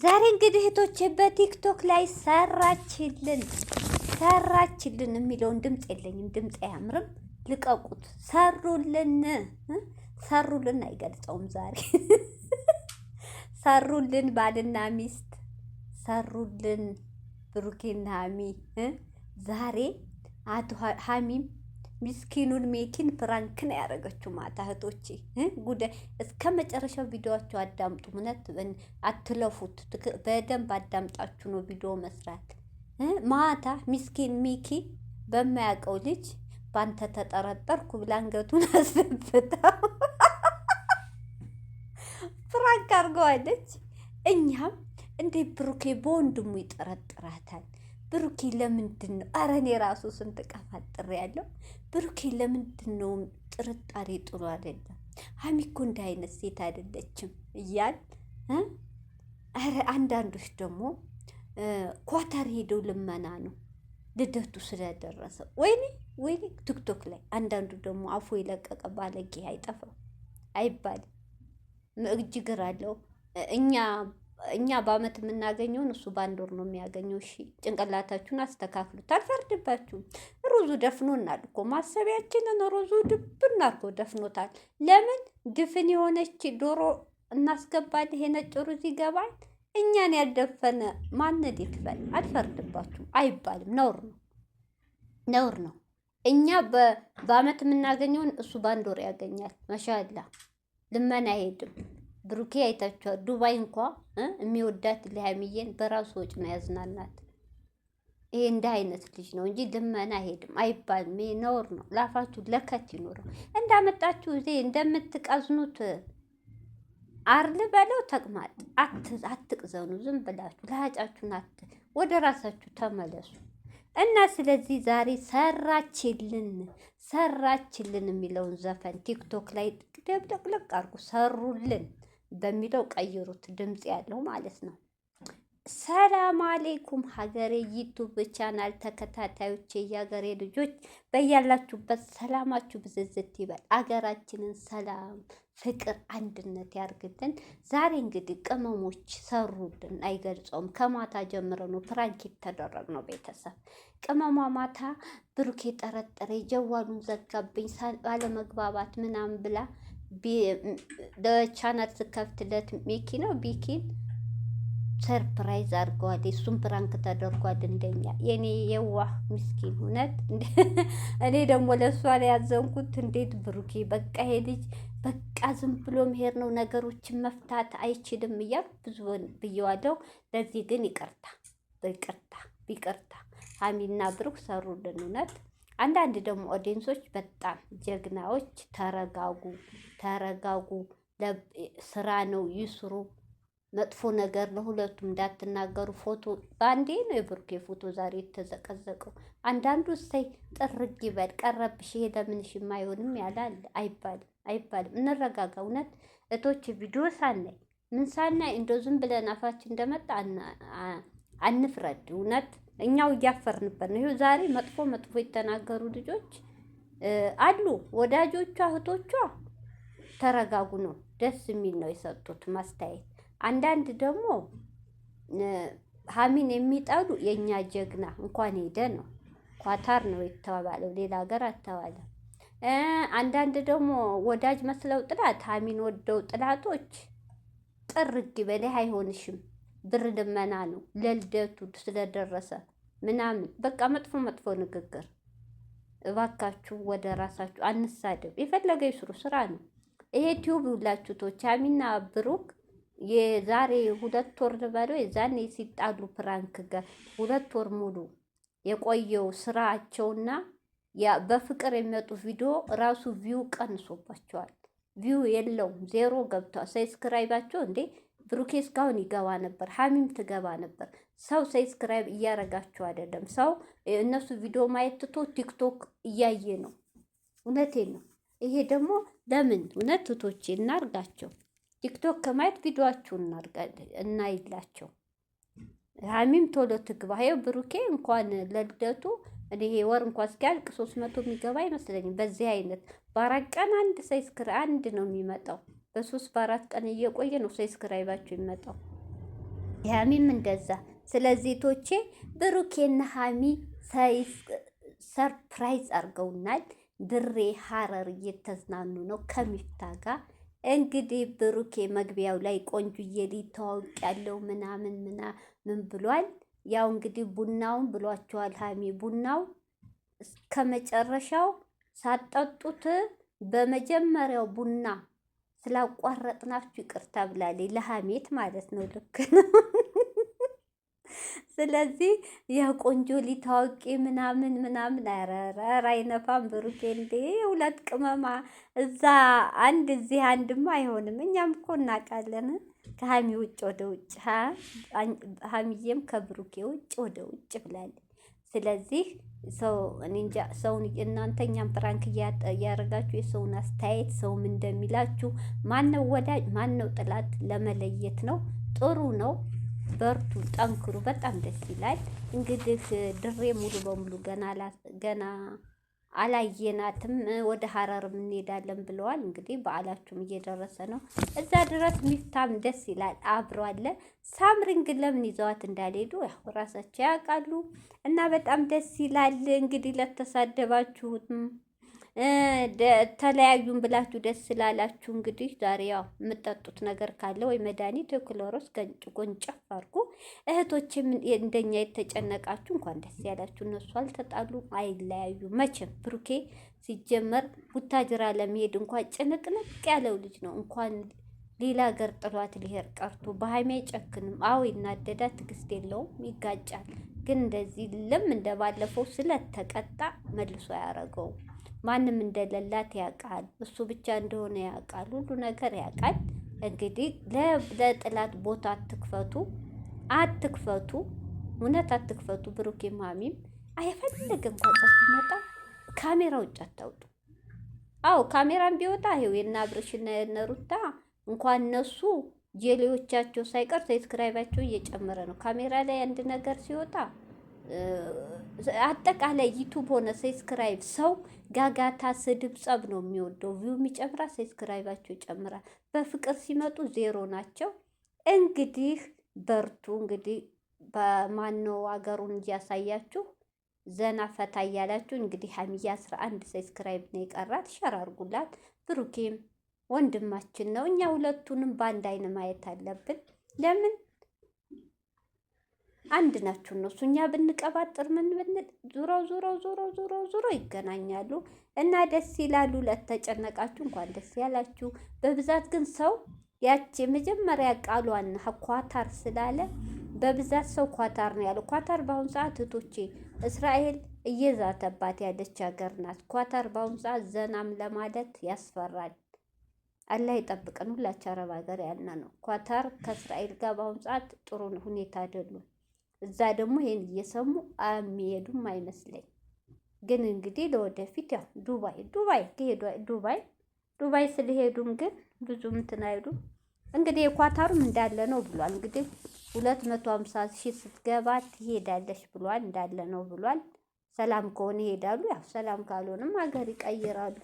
ዛሬ እንግዲህ እህቶች በቲክቶክ ላይ ሰራችልን ሰራችልን የሚለውን ድምፅ የለኝም፣ ድምፅ አያምርም። ልቀቁት። ሰሩልን ሰሩልን አይገልጸውም። ዛሬ ሰሩልን ባልና ሚስት ሰሩልን ብሩኬና ሀሚ ዛሬ አቶ ሀሚም ምስኪኑን ሜኪን ፍራንክን ነው ያደረገችው። ማታ እህቶቼ ጉደ እስከ መጨረሻው ቪዲዮዋቸው አዳምጡ። ምነት አትለፉት፣ በደንብ አዳምጣችሁ ነው ቪዲዮ መስራት። ማታ ምስኪን ሚኪ በማያውቀው ልጅ ባንተ ተጠረጠርኩ ብላ አንገቱን ፍራንክ ፕራንክ አድርገዋለች። እኛም እንዴ ብሩኬ በወንድሙ ይጠረጥራታል ብሩኬ ለምንድን ነው ኧረ እኔ ራሱ ስንት ቀፋጥሬ ያለው ብሩኬ ለምንድን ነው ጥርጣሬ ጥሩ አይደለም ሀሚ እኮ እንደ አይነት ሴት አይደለችም እያል አረ አንዳንዶች ደግሞ ኳተር ሄደው ልመና ነው ልደቱ ስለደረሰ ወይኔ ወይኔ ቲክቶክ ላይ አንዳንዱ ደግሞ አፉ የለቀቀ ባለጌ አይጠፋም አይባልም እጅግር አለው እኛ እኛ በአመት የምናገኘውን እሱ በአንድ ወር ነው የሚያገኘው። እሺ ጭንቅላታችሁን አስተካክሉት፣ አልፈርድባችሁም። ሩዙ ደፍኖናል እኮ ማሰቢያችንን ሩዙ ድብን አርጎ ደፍኖታል። ለምን ድፍን የሆነች ዶሮ እናስገባል፣ ይሄ ነጭ ሩዝ ይገባል። እኛን ያልደፈነ ማንድ ይክፈል። አልፈርድባችሁም አይባልም። ነውር ነው፣ ነውር ነው። እኛ በአመት የምናገኘውን እሱ በአንድ ወር ያገኛል። መሻላ ልመና አይሄድም። ብሩኬ አይታችኋል። ዱባይ እንኳ የሚወዳት ለሃይሚዬን በራሱ ወጭ ነው ያዝናናት። ይሄ እንደ አይነት ልጅ ነው እንጂ ልመና አይሄድም አይባልም። ይሄ ነውር ነው። ላፋችሁ ለከት ይኖረው እንዳመጣችሁ እዚህ እንደምትቀዝኑት አርል በለው ተቅማጥ አትቅዘኑ። ዝም ብላችሁ ለሀጫችሁን አት ወደ ራሳችሁ ተመለሱ እና ስለዚህ ዛሬ ሰራችልን ሰራችልን የሚለውን ዘፈን ቲክቶክ ላይ ደብለቅለቅ አድርጉ ሰሩልን በሚለው ቀይሩት፣ ድምፅ ያለው ማለት ነው። ሰላም አሌይኩም ሀገሬ ዩቱብ ቻናል ተከታታዮቼ የሀገሬ ልጆች በያላችሁበት ሰላማችሁ ብዝዝት ይበል። አገራችንን ሰላም፣ ፍቅር፣ አንድነት ያርግልን። ዛሬ እንግዲህ ቅመሞች ሰሩልን፣ አይገልጸውም። ከማታ ጀምረ ነው ፕራንክ የተደረግ ነው ቤተሰብ ቅመሟ ማታ ብሩክ የጠረጠረ ጀዋሉን ዘጋብኝ ባለመግባባት ምናምን ብላ ለቻናል ስከፍትለት ሚኪ ነው ቢኪን ሰርፕራይዝ አድርገዋል። እሱም ፕራንክ ተደርጓል እንደኛ የኔ የዋህ ምስኪን እውነት። እኔ ደግሞ ለእሷ ላይ ያዘንኩት እንዴት ብሩኬ በቃ ይሄ ልጅ በቃ ዝም ብሎ መሄድ ነው ነገሮችን መፍታት አይችልም እያልኩ ብዙ ብየዋለው። ለዚህ ግን ይቅርታ ይቅርታ ይቅርታ ሀሚና ብሩክ ሰሩልን እውነት። አንዳንድ ደግሞ ኦዲየንሶች በጣም ጀግናዎች፣ ተረጋጉ፣ ተረጋጉ፣ ስራ ነው ይስሩ፣ መጥፎ ነገር ለሁለቱም እንዳትናገሩ። ፎቶ በአንዴ ነው የብሩኬ ፎቶ ዛሬ የተዘቀዘቀው። አንዳንዱ እሰይ ጥርግ ይበል ቀረብሽ፣ ይሄ ለምንሽም የማይሆንም ያላል። አይባልም፣ አይባልም። እንረጋጋ። እውነት እቶች ቪዲዮ ሳናይ ምን ሳናይ እንደው ዝም ብለን አፋችን እንደመጣ አንፍረድ። እውነት እኛው እያፈርንበት ነው። ይኸው ዛሬ መጥፎ መጥፎ የተናገሩ ልጆች አሉ። ወዳጆቿ እህቶቿ ተረጋጉ ነው ደስ የሚል ነው የሰጡት ማስተያየት። አንዳንድ ደግሞ ሀሚን የሚጠሉ የእኛ ጀግና እንኳን ሄደ ነው ኳታር ነው የተባለው፣ ሌላ ሀገር አተባለ። አንዳንድ ደግሞ ወዳጅ መስለው ጥላት ሀሚን ወደው ጥላቶች ጥርግ በላይ አይሆንሽም ብር ልመና ነው ለልደቱ ስለደረሰ ምናምን በቃ መጥፎ መጥፎ ንግግር። እባካችሁ ወደ ራሳችሁ አንሳደብ። የፈለገ ይስሩ፣ ስራ ነው ይሄ። ቲዩብ ሁላችሁ ቶቻሚና ብሩክ የዛሬ ሁለት ወር ልበለው የዛኔ ሲጣሉ ፕራንክ ጋር ሁለት ወር ሙሉ የቆየው ስራቸውና በፍቅር የሚመጡ ቪዲዮ ራሱ ቪው ቀንሶባቸዋል። ቪው የለውም፣ ዜሮ ገብቷል። ሰብስክራይባቸው እንዴ ብሩኬ እስካሁን ይገባ ነበር፣ ሀሚም ትገባ ነበር። ሰው ሰብስክራይብ እያረጋችሁ አይደለም። ሰው እነሱ ቪዲዮ ማየት ትቶ ቲክቶክ እያየ ነው። እውነቴ ነው። ይሄ ደግሞ ለምን እውነት ትቶቼ እናርጋቸው። ቲክቶክ ከማየት ቪዲዮችሁ እናይላቸው። ሀሚም ቶሎ ትግባ። ይኸው ብሩኬ እንኳን ለልደቱ እኔ ይሄ ወር እንኳን እስኪያልቅ ሶስት መቶ የሚገባ አይመስለኝም። በዚህ አይነት በአራት ቀን አንድ ሰብስክራይብ አንድ ነው የሚመጣው። በሶስት በአራት ቀን እየቆየ ነው ሰብስክራይባቸው ይመጣው። የሀሚም እንደዛ። ስለዚህ ቶቼ ብሩኬና ሀሚ ሰርፕራይዝ አድርገውናል። ድሬ ሀረር እየተዝናኑ ነው ከሚፍታ ጋር። እንግዲህ ብሩኬ መግቢያው ላይ ቆንጆዬ ሊተዋወቅ ያለው ምናምን ምን ብሏል። ያው እንግዲህ ቡናውን ብሏቸዋል። ሀሚ ቡናው እስከ መጨረሻው ሳጠጡት በመጀመሪያው ቡና ስላቋረጥናችሁ ይቅርታ ብላለች። ለሀሜት ማለት ነው። ልክ ነው። ስለዚህ የቆንጆ ሊታወቂ ምናምን ምናምን አረረር አይነፋም። ብሩኬ እንዴ ሁለት ቅመማ እዛ አንድ እዚህ አንድማ አይሆንም። እኛም እኮ እናውቃለን። ከሀሚ ውጭ ወደ ውጭ ሀሚዬም ከብሩኬ ውጭ ወደ ውጭ ብላለች። ስለዚህ ሰው እንጃ ሰውን እናንተ እኛም ፍራንክ እያደረጋችሁ የሰውን አስተያየት ሰውም እንደሚላችሁ ማነው ወዳጅ ማነው ጥላት ለመለየት ነው። ጥሩ ነው። በርቱ፣ ጠንክሩ። በጣም ደስ ይላል። እንግዲህ ድሬ ሙሉ በሙሉ ገና ገና አላየናትም ወደ ሀረርም እንሄዳለን ብለዋል። እንግዲህ በዓላችሁም እየደረሰ ነው። እዛ ድረስ ሚፍታም ደስ ይላል አብሮ አለ። ሳምሪን ግን ለምን ይዘዋት እንዳልሄዱ ያው ራሳቸው ያውቃሉ። እና በጣም ደስ ይላል እንግዲህ ለተሳደባችሁትም ተለያዩን ብላችሁ ደስ ስላላችሁ እንግዲህ ዛሬ ያው የምጠጡት ነገር ካለ ወይ መድኃኒት ወይ ክሎሮስ ገንጭ ጎንጨፍ አርጎ እህቶችም እንደኛ የተጨነቃችሁ እንኳን ደስ ያላችሁ። እነሱ አልተጣሉም፣ አይለያዩ መቼም። ብሩኬ ሲጀመር ቡታጅራ ለመሄድ እንኳን ጭንቅንቅ ያለው ልጅ ነው እንኳን ሌላ ሀገር ጥሏት ሊሄድ ቀርቶ በሀይሜ አይጨክንም። አዎ ይናደዳ፣ ትግስት የለውም፣ ይጋጫል። ግን እንደዚህ ልም እንደባለፈው ስለተቀጣ መልሶ አያረገውም። ማንም እንደሌላት ያውቃል። እሱ ብቻ እንደሆነ ያውቃል። ሁሉ ነገር ያውቃል። እንግዲህ ለጥላት ቦታ አትክፈቱ፣ አትክፈቱ፣ እውነት አትክፈቱ። ብሩኬም ሀሚም አይፈልግ እንኳ ጸጥ ቢመጣ ካሜራ ውጭ አታውጡ። አዎ ካሜራን ቢወጣ ይኸው የእነ አብርሽና የእነ ሩታ እንኳን እነሱ ጄሌዎቻቸው ሳይቀር ሰብስክራይባቸው እየጨመረ ነው። ካሜራ ላይ አንድ ነገር ሲወጣ አጠቃላይ ዩቱብ ሆነ ሰብስክራይብ ሰው ጋጋታ፣ ስድብ፣ ጸብ ነው የሚወደው። ቪው የሚጨምራ ሰብስክራይባቸው ይጨምራል። በፍቅር ሲመጡ ዜሮ ናቸው። እንግዲህ በርቱ። እንግዲህ በማነው አገሩን እያሳያችሁ ዘና ፈታ እያላችሁ እንግዲህ ሀሚያ አስራ አንድ ሰብስክራይብ ነው የቀራት። ሸር አርጉላት። ብሩኬም ወንድማችን ነው። እኛ ሁለቱንም በአንድ አይን ማየት አለብን። ለምን አንድ ናቸው እነሱ። እኛ ብንቀባጥር ምን ብንል ዙሮ ዙሮ ዙሮ ዙሮ ዙሮ ይገናኛሉ እና ደስ ይላሉ። ለተጨነቃችሁ እንኳን ደስ ያላችሁ። በብዛት ግን ሰው ያቺ የመጀመሪያ ቃሏን ኳታር ስላለ በብዛት ሰው ኳታር ነው ያለው። ኳታር በአሁኑ ሰዓት እህቶቼ እስራኤል እየዛተባት ያለች ሀገር ናት። ኳታር በአሁኑ ሰዓት ዘናም ለማለት ያስፈራል። አላህ ይጠብቀን። ሁላች አረብ ሀገር ያለ ነው። ኳታር ከእስራኤል ጋር በአሁኑ ሰዓት ጥሩ ሁኔታ አይደሉም። እዛ ደግሞ ይሄን እየሰሙ የሚሄዱም አይመስለኝ። ግን እንግዲህ ለወደፊት ያው ዱባይ ዱባይ ከሄዱ ዱባይ ዱባይ ስለሄዱም ግን ብዙ እንትን እንግዲህ የኳታሩም እንዳለ ነው ብሏል። እንግዲህ 250 ሺህ ስትገባ ትሄዳለች ብሏል። እንዳለ ነው ብሏል። ሰላም ከሆነ ይሄዳሉ። ያው ሰላም ካልሆነም ሀገር ይቀይራሉ።